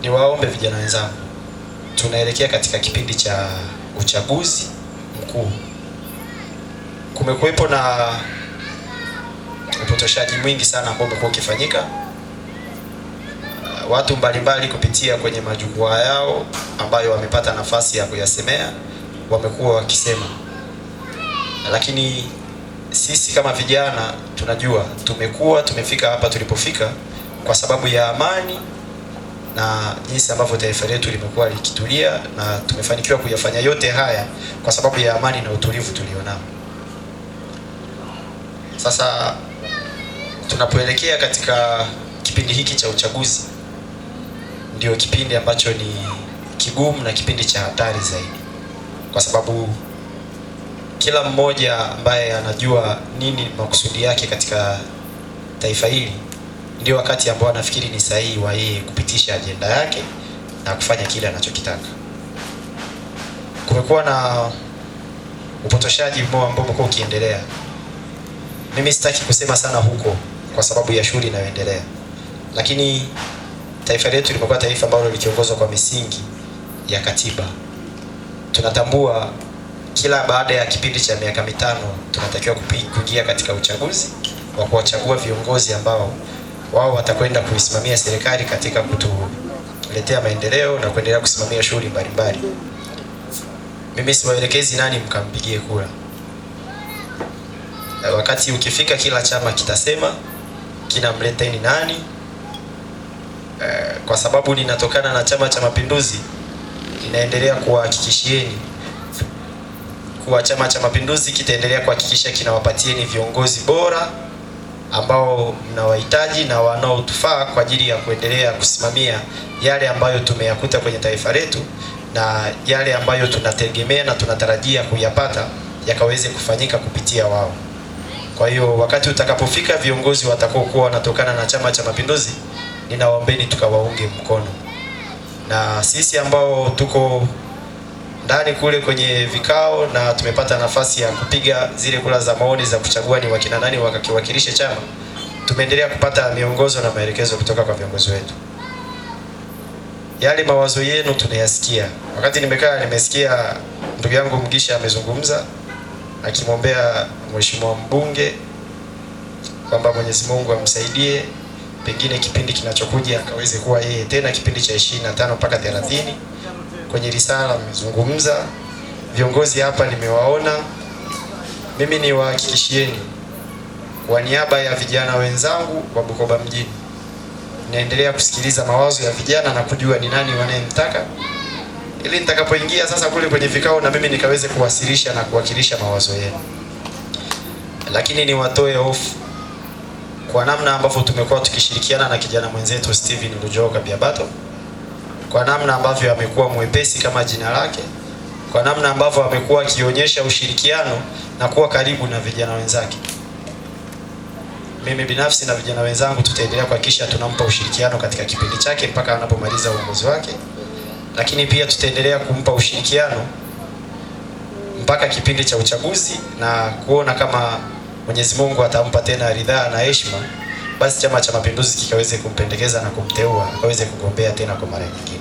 niwaombe vijana wenzangu, tunaelekea katika kipindi cha uchaguzi mkuu. Kumekuwepo na upotoshaji mwingi sana ambao umekuwa ukifanyika uh, watu mbalimbali kupitia kwenye majukwaa yao ambayo wamepata nafasi ya kuyasemea, wamekuwa wakisema, lakini sisi kama vijana tunajua tumekuwa tumefika hapa tulipofika kwa sababu ya amani na jinsi ambavyo taifa letu limekuwa likitulia na tumefanikiwa kuyafanya yote haya kwa sababu ya amani na utulivu tulionao. Sasa tunapoelekea katika kipindi hiki cha uchaguzi, ndio kipindi ambacho ni kigumu na kipindi cha hatari zaidi, kwa sababu kila mmoja ambaye anajua nini makusudi yake katika taifa hili ndio wakati ambao anafikiri ni sahihi wa yeye kupitisha ajenda yake na kufanya kile anachokitaka. Kumekuwa na upotoshaji mmoja ambao umekuwa ukiendelea. Mimi sitaki kusema sana huko kwa sababu ya shughuli inayoendelea, lakini taifa letu limekuwa taifa ambalo likiongozwa kwa misingi ya katiba. Tunatambua kila baada ya kipindi cha miaka mitano tunatakiwa kuingia katika uchaguzi wa kuwachagua viongozi ambao wao watakwenda kuisimamia serikali katika kutuletea maendeleo na kuendelea kusimamia shughuli mbalimbali. Mimi siwaelekezi nani mkampigie kura. Wakati ukifika, kila chama kitasema kinamleteni nani. Eh, kwa sababu ninatokana na Chama cha Mapinduzi, ninaendelea kuwahakikishieni kuwa Chama cha Mapinduzi kitaendelea kuhakikisha kinawapatieni viongozi bora ambao mnawahitaji na wanaotufaa kwa ajili ya kuendelea kusimamia yale ambayo tumeyakuta kwenye taifa letu na yale ambayo tunategemea na tunatarajia kuyapata yakaweze kufanyika kupitia wao. Kwa hiyo wakati utakapofika, viongozi watakaokuwa wanatokana na Chama cha Mapinduzi, ninawaombeni tukawaunge mkono na sisi ambao tuko ndani kule kwenye vikao na tumepata nafasi ya kupiga zile kura za maoni za kuchagua ni wakina nani wakakiwakilishe chama. Tumeendelea kupata miongozo na maelekezo kutoka kwa viongozi wetu. Yale mawazo yenu tunayasikia. Wakati nimekaa nimesikia ndugu yangu Mgisha amezungumza akimwombea mheshimiwa mbunge kwamba Mwenyezi Mungu amsaidie, pengine kipindi kinachokuja akaweze kuwa yeye tena, kipindi cha 25 mpaka 30 kwenye risala mmezungumza, viongozi hapa nimewaona. Mimi niwahakikishieni kwa niaba ya vijana wenzangu wa Bukoba mjini, naendelea kusikiliza mawazo ya vijana na kujua ni nani wanayemtaka, ili nitakapoingia sasa kule kwenye vikao na mimi nikaweze kuwasilisha na kuwakilisha mawazo yenu. Lakini niwatoe hofu kwa namna ambavyo tumekuwa tukishirikiana na kijana mwenzetu Steven Lujoka Biabato kwa namna ambavyo amekuwa mwepesi kama jina lake, kwa namna ambavyo amekuwa akionyesha ushirikiano na kuwa karibu na vijana wenzake. Mimi binafsi na vijana wenzangu tutaendelea kuhakikisha tunampa ushirikiano katika kipindi chake mpaka anapomaliza uongozi wake, lakini pia tutaendelea kumpa ushirikiano mpaka kipindi cha uchaguzi na kuona kama Mwenyezi Mungu atampa tena ridhaa na heshima, basi Chama cha Mapinduzi kikaweze kumpendekeza na kumteua aweze kugombea tena kwa mara nyingine.